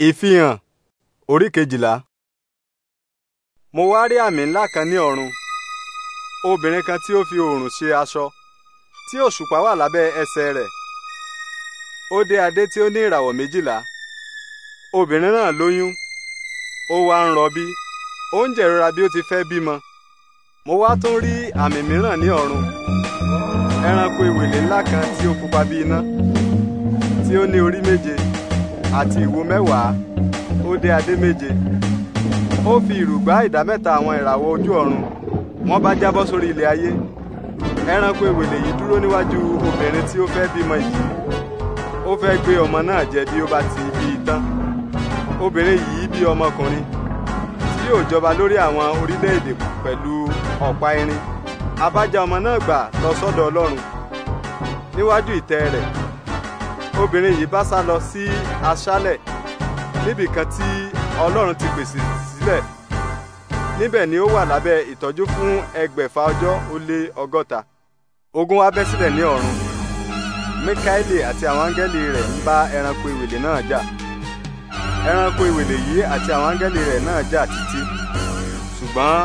ìfihàn orí kejìlá. mo wá rí àmì ńlá kan ní ọ̀run obìnrin kan tí ó fi oòrùn ṣe aṣọ tí òṣùpá wà lábẹ́ ẹsẹ̀ rẹ̀ ó dé adé tí ó ní ìràwọ̀ méjìlá obìnrin náà lóyún ó wá ń rọbí ó ń jẹ̀rora bí ó ti fẹ́ bímọ mo wá tún rí àmì mìíràn ní ọ̀run ẹranko ìwèlè ńlá kan tí ó pupa bí iná tí ó ní orí méje àti ìwo mẹ́wàá ó dé adé méje ó fi ìrù gbá ìdá mẹ́ta àwọn ìràwọ̀ ojú ọ̀run wọ́n bá jábọ́ sórí ilẹ̀ ayé ẹranko ìwèlè yìí dúró níwájú obìnrin tí ó fẹ́ bímọ yìí ó fẹ́ gbé ọmọ náà jẹ bí ó bá ti bí i tán obìnrin yìí bí ọmọkùnrin tí yóò jọba lórí àwọn orílẹ̀-èdè pẹ̀lú ọ̀pá irin abájá ọmọ náà gbà lọ sọ́dọ̀ ọlọ́run níwájú ìtẹ́ rẹ̀ obìnrin yìí bá sá lọ sí aṣálẹ̀ níbì kan tí ọlọ́run ti pèsè sílẹ̀ níbẹ̀ ni ó wà lábẹ́ ìtọ́jú fún ẹgbẹ̀fà ọjọ́ ó lé ọgọ́ta ogun wa bẹ́ sílẹ̀ ní ọ̀run Míkáélì àti àwọn áńgẹ́lì rẹ̀ ń bá ẹranko ìwèlè náà jà ẹranko ìwèlè yìí àti àwọn áńgẹ́lì rẹ̀ náà jà títí ṣùgbọ́n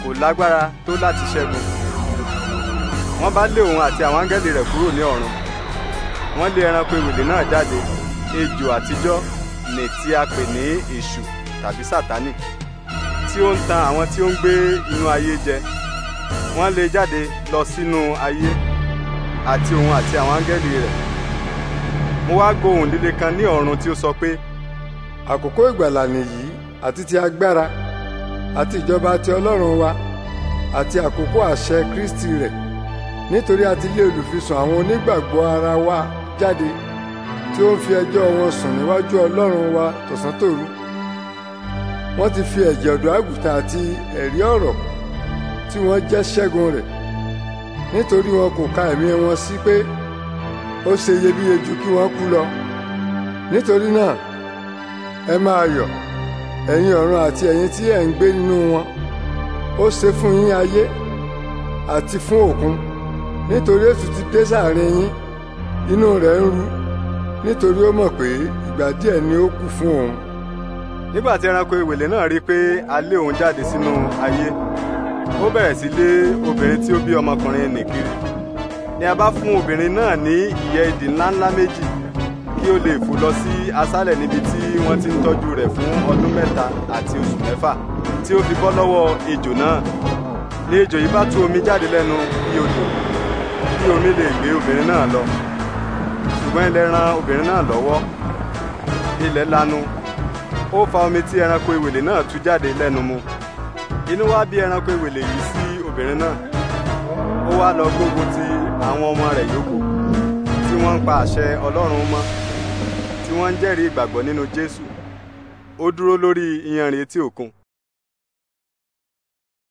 kò lágbára tó láti ṣẹ́gun wọ́n bá lé òun àti àwọn áńgẹ́lì rẹ̀ kúrò ní ọ̀run wọ́n lé ẹranko ìwìlì náà jáde ejò àtijọ́ ní tí a pè ní èṣù tàbí sátánì tí ó ń tan àwọn tí ó ń gbé inú ayé jẹ wọ́n lé e jáde lọ sínú ayé àti òun àti àwọn áńgẹ́lì rẹ̀ mo wá gbóhùn líle kan ní ọ̀run tí ó sọ pé. àkókò ìgbàlà nìyí àti ti agbára àti ìjọba ti ọlọ́run wa àti àkókò àṣẹ kristi rẹ̀ nítorí a ti lé olùfisùn àwọn onígbàgbọ́ ara wa jáde tí ó ń fi ẹjọ́ wọn sùn níwájú Ọlọ́run wa tọ̀sán-tòru wọ́n ti fi ẹ̀jẹ̀ ọ̀dọ́ àgùntàn àti ẹ̀rí ọ̀rọ̀ tí wọ́n jẹ́ ṣẹ́gun rẹ̀ nítorí wọn kò ka ẹ̀mí wọn sí pé ó ṣe iyebíye ju kí wọ́n kú lọ nítorí náà ẹ máa yọ̀ ẹ̀yin ọ̀run àti ẹ̀yin tí ẹ̀ ń gbé nínú wọn ó ṣe fún yín ayé àti fún òkun nítorí ètùtù dé sáàrin yín inú rẹ̀ ń ru nítorí ó mọ̀ pé ìgbà díẹ̀ ni ó kù fún òun. nígbà tí ẹranko ìwèlé náà rí i pé a lé òun jáde sínú ayé ó bẹ̀rẹ̀ sí lé obìnrin tí ó bí ọmọkùnrin nì kiri ni a bá fún obìnrin náà ní ìyẹ́ idì ńláńlá méjì kí ó lè fò lọ sí aṣálẹ̀ níbi tí wọ́n ti ń tọ́jú rẹ̀ fún ọdún mẹ́ta àti oṣù mẹ́fà tí ó fi bọ́ lọ́wọ́ ejò náà ni ejò yìí bá tú omi jáde lẹ́nu bí odò kí omi lè gbé obìnrin náà lọ ṣùgbọ́n ilẹ̀ ran obìnrin náà lọ́wọ́ ilẹ̀ lanu ó fa omi tí ẹranko ìwèlè náà tú jáde lẹ́nu mu inú wá bí ẹranko ìwèlè yìí sí obìnrin náà ó wá lọ gbógun ti àwọn ọmọ rẹ̀ yòókù tí wọ́n ń pa àṣẹ Ọlọ́run mọ́ tí wọ́n ń jẹ́rìí ìgbàgbọ́ nínú Jésù ó dúró lórí iyanrìn etí òkun